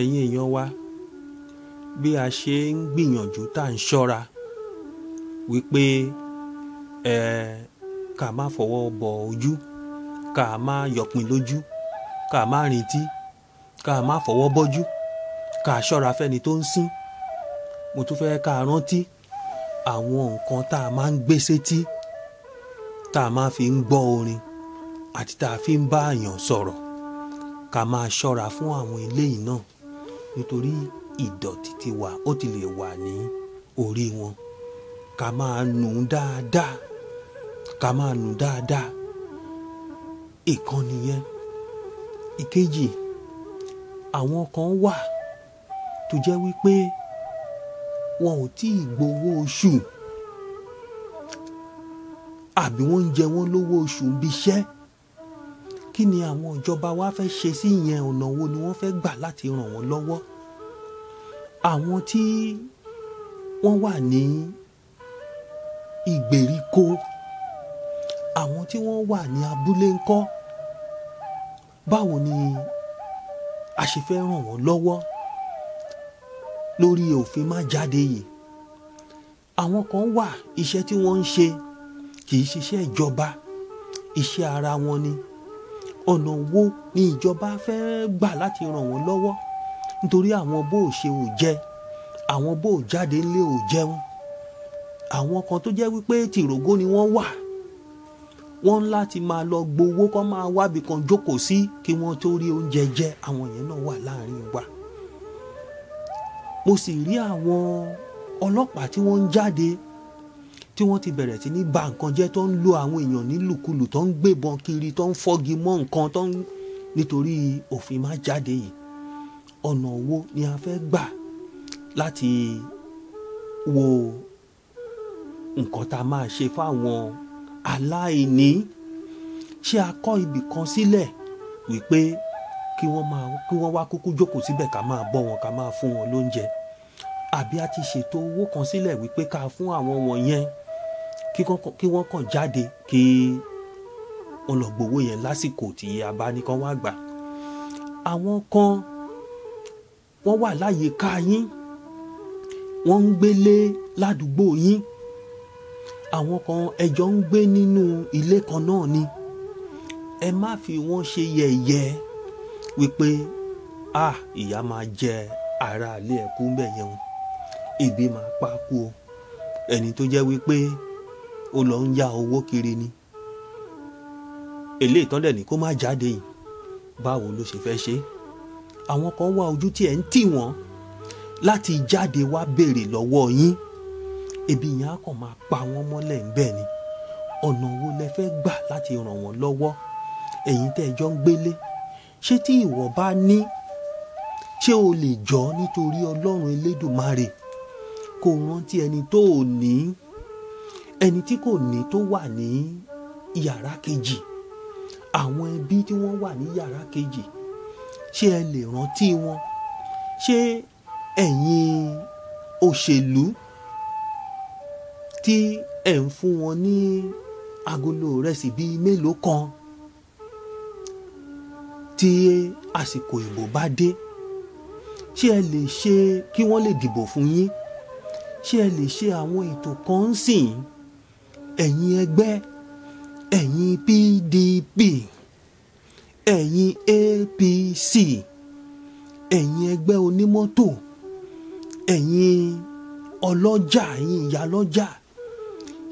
ẹ̀yin èèyàn wa bí a ṣe ń gbìyànjú tá à ń ṣọ́ra wípé ẹ ká má fọwọ́ bọ ojú ká má yọpin lójú ká má rìntí ká má fọwọ́ bọ́jú ká ṣọ́ra fẹ́ni tó ń sín mo tún fẹ́ ká rántí àwọn nǹkan tá a máa ń gbé sétí tá a máa fi ń gbọ́ orin àti tá a fi ń bá àyàn sọ̀rọ̀ ká máa ṣọ́ra fún àwọn eléyìí náà nítorí ìdọ̀tí ti wà ó ti lè wà ní orí wọn ká máa nù dáadáa ká máa nù dáadáa ìkan nìyẹn ìkejì àwọn kan wà tó jẹ́ wípé wọn ò tí ì gbowó oṣù àbí wọ́n ń jẹ wọ́n lówó oṣù bíi iṣẹ́ kí ni àwọn ìjọba wa fẹ́ ṣe sí ìyẹn ọ̀nà wo ni wọ́n fẹ́ gbà láti ràn wọ́n lọ́wọ́ àwọn tí wọ́n wà ní ìgbèríko àwọn tí wọ́n wà ní abúlé ńkọ́ báwo ni a ṣe fẹ́ ràn wọ́n lọ́wọ́ lórí òfin má jáde yìí àwọn kan wà iṣẹ́ tí wọ́n ń ṣe kì í ṣiṣẹ́ ìjọba iṣẹ́ ara wọn ni ọ̀nà wo ni ìjọba fẹ́ gbà láti ràn wọ́n lọ́wọ́ nítorí àwọn bó ò ṣe ò jẹ àwọn bó ò jáde ńlé ò jẹun àwọn kan tó jẹ́ wípé tìrógó ni wọ́n wà wọ́n láti máa lọ gbowó kọ́ máa wábi kan jókòó sí kí wọ́n tó rí oúnjẹ jẹ àwọn yẹn náà wà láàrin wa mo sì rí àwọn ọlọ́pàá tí wọ́n ń jáde tí wọ́n ti bẹ̀rẹ̀ sí ní ba nǹkan jẹ́ tó ń lo àwọn èèyàn nílùkulù tó ń gbébọn kiri tó ń fọ́gi mọ́ nǹkan tó ń nítorí òfin má jáde yìí ọ̀nà wo ni a fẹ́ gbà láti wo nǹkan tá a máa ṣe fáwọn aláìní ṣé a kọ́ ibì kan sílẹ̀ wípé kí wọ́n kí wọ́n wá kúkú jókòó síbẹ̀ ká máa bọ́ wọn ká máa fún wọn lóúnjẹ àbí a ti ṣètò owó kan sílẹ̀ wípé ká fún àwọn wọ̀nyẹn kí wọ́n kàn jáde kí wọ́n lọ gbowó yẹn lásìkò tí a bá ní kán wá gbà àwọn kan wọ́n wà láyé ká yín wọ́n ń gbélé ládùúgbò yín àwọn kan ẹjọ́ ń gbé nínú ilé kan náà ni ẹ má fi wọ́n ṣe yẹ̀yẹ́ wípé a ìyá máa jẹ ara ilé ẹ̀kú ń bẹ̀ yẹn o ebi máa pa kú o ẹni tó jẹ́ wípé ó lọ ń ya owó kiri ni èlé ìtàn dẹ̀ ní kó má jáde yìí báwo ló ṣe fẹ́ ṣe àwọn kan wá ojú tí ẹ̀ ń tì wọ́n láti jáde wá béèrè lọ́wọ́ yín ebi yẹn á kàn máa pa wọ́n mọ́lẹ̀ ń bẹ̀ ni ọ̀nà wo lẹ fẹ́ gbà láti ràn wọ́n lọ́wọ́ ẹ̀yin tẹ́ ẹ jọ ń gbélé ṣé tí ìwọ bá ní ṣé o lè jọ nítorí ọlọ́run elédùmarè kó rántí ẹni tó o ní ẹni tí kò ní tó wà ní yàrá kejì àwọn ẹbí tí wọ́n wà ní yàrá kejì ṣé ẹ lè rántí wọn ṣé ẹ̀yin òṣèlú tí ẹ̀ ń fún wọn ní agolo ìrẹsì bíi mélòó kan tí àsìkò ìbò bá dé ṣé ẹ lè ṣe kí wọ́n lè dìbò fún yín ṣé ẹ lè ṣe àwọn ètò kan ń sìn yín ẹ̀yin ẹgbẹ́ ẹ̀yin PDP ẹ̀yin APC ẹ̀yin ẹgbẹ́ onímọ́tò ẹ̀yin ọlọ́jà ẹ̀yin ìyálọ́jà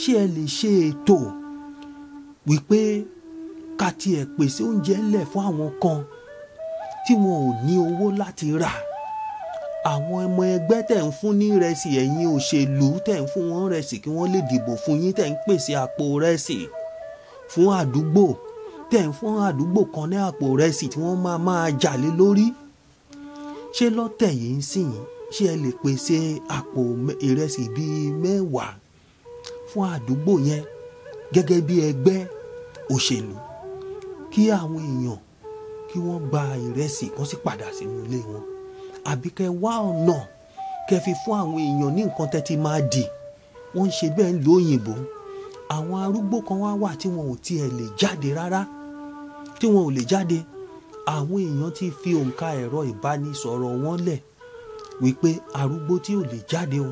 ṣé ẹ lè ṣe ètò wípé ká tiẹ̀ pèsè oúnjẹ ńlẹ̀ fún àwọn kan tí wọn ò ní owó láti rà àwọn ọmọ ẹgbẹ́ tẹ̀ ń fún ní rẹsì ẹ̀yin òṣèlú tẹ̀ ń fún wọn rẹsì kí wọ́n lè dìbò fún yín tẹ̀ ń pèsè àpò rẹsì fún àdúgbò tẹ̀ ń fún àdúgbò kan ní àpò rẹsì tí wọ́n máa máa jà lé lórí ṣé lọ́tẹ̀ yìí ń sìn ṣé ẹ lè pèsè àpò ìrẹsì bíi mẹ́wàá fún àdúgbò yẹn gẹ́gẹ́ bí ẹgbẹ́ òṣèlú kí àwọn èèyàn kí wọ́n gba ìrẹsì kan sì padà sínú ilé wọn àbí kẹ́ wá ọ̀nà kẹ́ fi fún àwọn èèyàn ní nǹkan tẹ́ ti máa dì wọ́n ń ṣe bẹ́ẹ̀ ń lo òyìnbó àwọn arúgbó kan wá wà tí wọn ò tiẹ̀ lè jáde rárá tí wọn ò lè jáde àwọn èèyàn ti fi òǹkà ẹ̀rọ ìbánisọ̀rọ̀ wọn lẹ̀ wípé arúgbó tí ò lè jáde o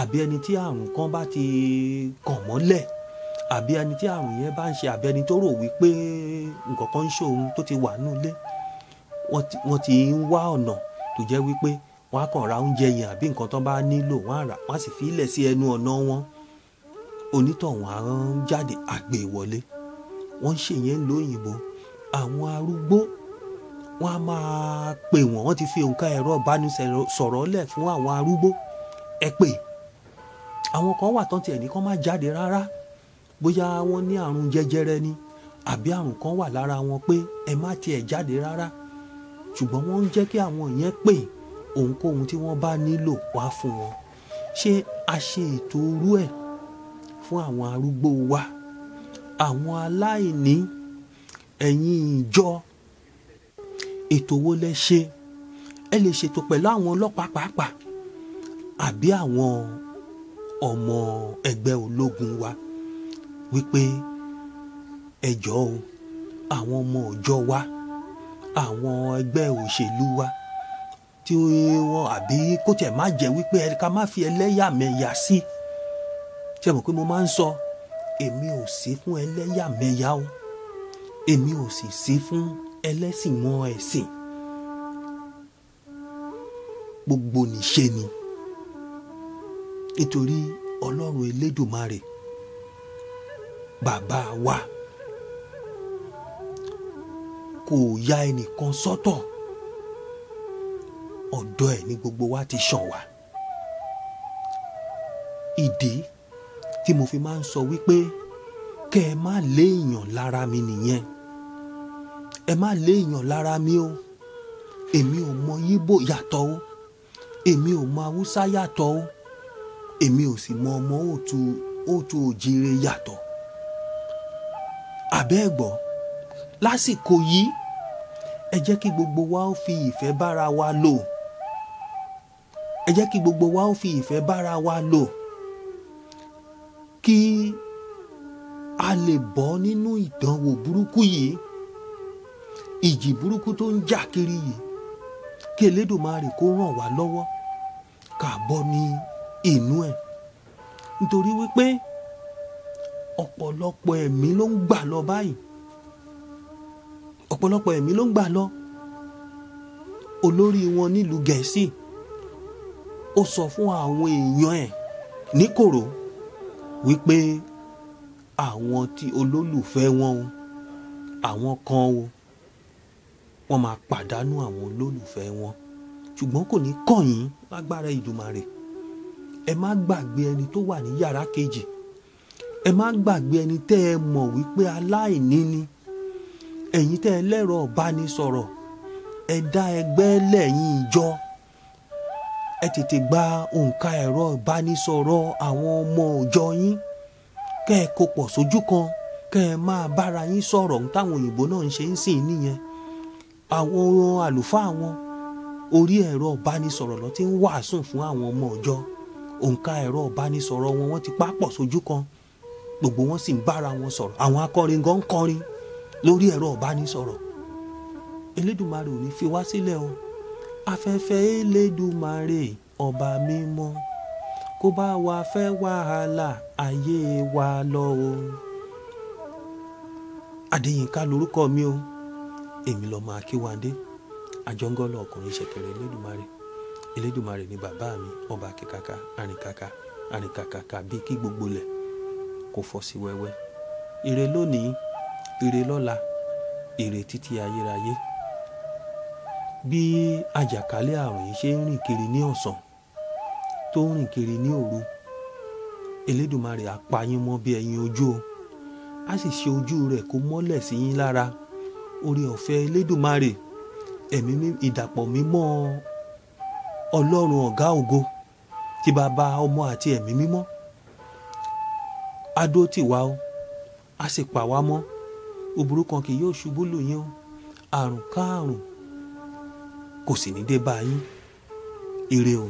àbí ẹni tí àrùn kan bá ti kàn mọ́lẹ̀ àbí ẹni tí àrùn yẹn bá ń ṣe àbí ẹni tó rò wípé nǹkan kan ń ṣe òun tó ti wà nínú wọ́n ti ń wá ọ̀nà tó jẹ́ wípé wọ́n á kàn ra oúnjẹ yẹn àbí nǹkan tó bá nílò wọ́n á rà wọ́n á sì fi ilẹ̀ sí ẹnu ọ̀nà wọn onítọ̀hún á jáde àgbè e wọlé wọ́n ń ṣe yẹn ń lo òyìnbó àwọn arúgbó wọ́n á máa pè wọ́n wọ́n ti fi òǹkà ẹ̀rọ ìbánisọ̀rọ̀ lẹ̀ fún àwọn arúgbó ẹ pè àwọn kan wà tán tiẹ̀ ní kán má jáde rárá bóyá wọ́n ní àrùn jẹjẹrẹ ni àbí àrùn kan wà lára wọn pé ẹ má tiẹ̀ jáde rárá ṣùgbọ́n wọ́n ń jẹ́ kí àwọn yẹn pè ohunkóhun tí wọ́n bá nílò wá fún wọn ṣé a ṣe ètò orú ẹ̀ fún àwọn arúgbó wa àwọn aláìní ẹ̀yin ìjọ ètò wo lẹ ṣe ẹ lè ṣètò pẹ̀lú àwọn ọlọ́pàá pàápàá àbí àwọn ọmọ ẹgbẹ́ ológun wa wípé ẹ o àwọn ọmọ ọjọ́ wa àwọn ẹgbẹ́ òṣèlú wa tí wọ́n àbí kó tiẹ̀ má jẹ́ wípé ká má fi ẹlẹ́yàmẹ̀yà sí ṣe mọ̀ pé mo máa ń sọ èmi ò sí fún ẹlẹ́yàmẹ̀yà o èmi ò sì sí fún ẹlẹ́sìn mọ́ ẹ̀sìn gbogbo nìṣe ni nítorí ọlọ́run elédùmarè bàbá wa kò ya ẹnìkan sọ́tọ̀ ọ̀dọ̀ ẹ̀ ni gbogbo wa ti ṣàn wá ìdí tí mo fi máa ń sọ wípé kẹ́ ẹ má léèyàn lára mi nìyẹn ẹ má léèyàn lára mi o èmi ò mọ yíbò yàtọ̀ o èmi ò mọ haúsá yàtọ̀ o èmi ò sì mọ ọmọ òtù òtù òjìire yàtọ̀ àbẹ́ẹ̀gbọ́ lásìkò yìí ẹ jẹ́ kí gbogbo wa ó fi ìfẹ́ bára wa lò ẹ jẹ́ kí gbogbo wa ó fi ìfẹ́ bára wa lò kí a lè bọ́ nínú ìdánwò burúkú yìí ìjì burúkú tó ń jà kiri yìí kí Elédùmarè kó ràn wá lọ́wọ́ ká bọ́ ní inú ẹ̀ nítorí wípé ọ̀pọ̀lọpọ̀ ẹ̀mí ló ń gbà lọ báyìí ọ̀pọ̀lọpọ̀ ẹ̀mí ló ń gbà lọ olórí wọn nílùú gẹ̀ẹ́sì ó sọ fún àwọn èèyàn ẹ̀ níkòrò wípé àwọn tí olólùfẹ́ wọn o àwọn kan o wọ́n máa pàdánù àwọn olólùfẹ́ wọn ṣùgbọ́n kò ní kàn yín lágbára ìdùmarè ẹ má gbàgbé ẹni tó wà ní yàrá kejì ẹ má gbàgbé ẹni tẹ́ ẹ mọ̀ wípé aláìní ni. Tẹ́, ẹ̀yin tẹ́ ẹ lẹ́rọ ìbánisọ̀rọ̀ ẹ dá ẹgbẹ́ lẹ́yìn ìjọ ẹ tètè gba òǹkà ẹ̀rọ ìbánisọ̀rọ̀ àwọn ọmọ òjọ yín kẹ́ ẹ kó pọ̀ sójú kan kẹ́ ẹ máa bára yín sọ̀rọ̀ táwọn òyìnbó náà ń ṣe ń sìn nìyẹn àwọn àlùfáà wọn orí ẹ̀rọ ìbánisọ̀rọ̀ lọ ti ń wàásùn fún àwọn ọmọ òjọ òǹkà ẹ̀rọ ìbánisọ̀rọ̀ wọn wọ́n ti pápọ̀ sójú kan gbogbo wọn sì ń bára wọn sọ̀rọ̀ àwọn akọrin gan kọrin lórí ẹ̀rọ ìbánisọ̀rọ̀ elédùmarè ò ní fi wá sílẹ̀ o afẹ́fẹ́ elédùmarè ọba mímọ́ kó bá wa fẹ́ wàhálà ayé wa lọ o adéyínká lorúkọ mi o èmi lọ́mọ akíwádé àjọngọ́lọ̀ ọkùnrin ṣẹ̀kẹ̀rẹ̀ elédùmarè elédùmarè ni bàbá mi ọba akíkaka arìnkaka arìnkaka kàbí kí gbogbo lẹ̀ kó fọ́ sí wẹ́wẹ́ ire lónìí ire lọ́la ire títí ayérayé bí àjàkálẹ̀ àrùn yìí ṣe ń rìn kiri ní ọ̀sán tó ń rìn kiri ní òru Elédùmarè á pa yín mọ́ bí ẹyin ojú o á sì ṣe ojú rẹ̀ kó mọ́lẹ̀ sí yín lára oore ọ̀fẹ́ Elédùmarè ẹ̀mí ìdàpọ̀ mímọ́ Ọlọ́run ọ̀gá ògo ti bàbá ọmọ àti ẹ̀mí mímọ́ adó tì o á sì pa wá mọ́ òbúrú kan kì yóò ṣubú lù yín o àrùn káàrùn kò sì ní dé bá yín ire o.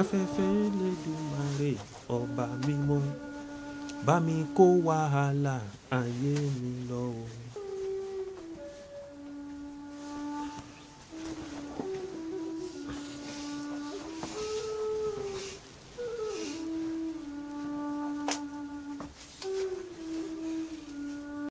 afẹ́fẹ́ Elédùmarè ọba mímọ́ bá mi kó wàhálà ayé mi lọ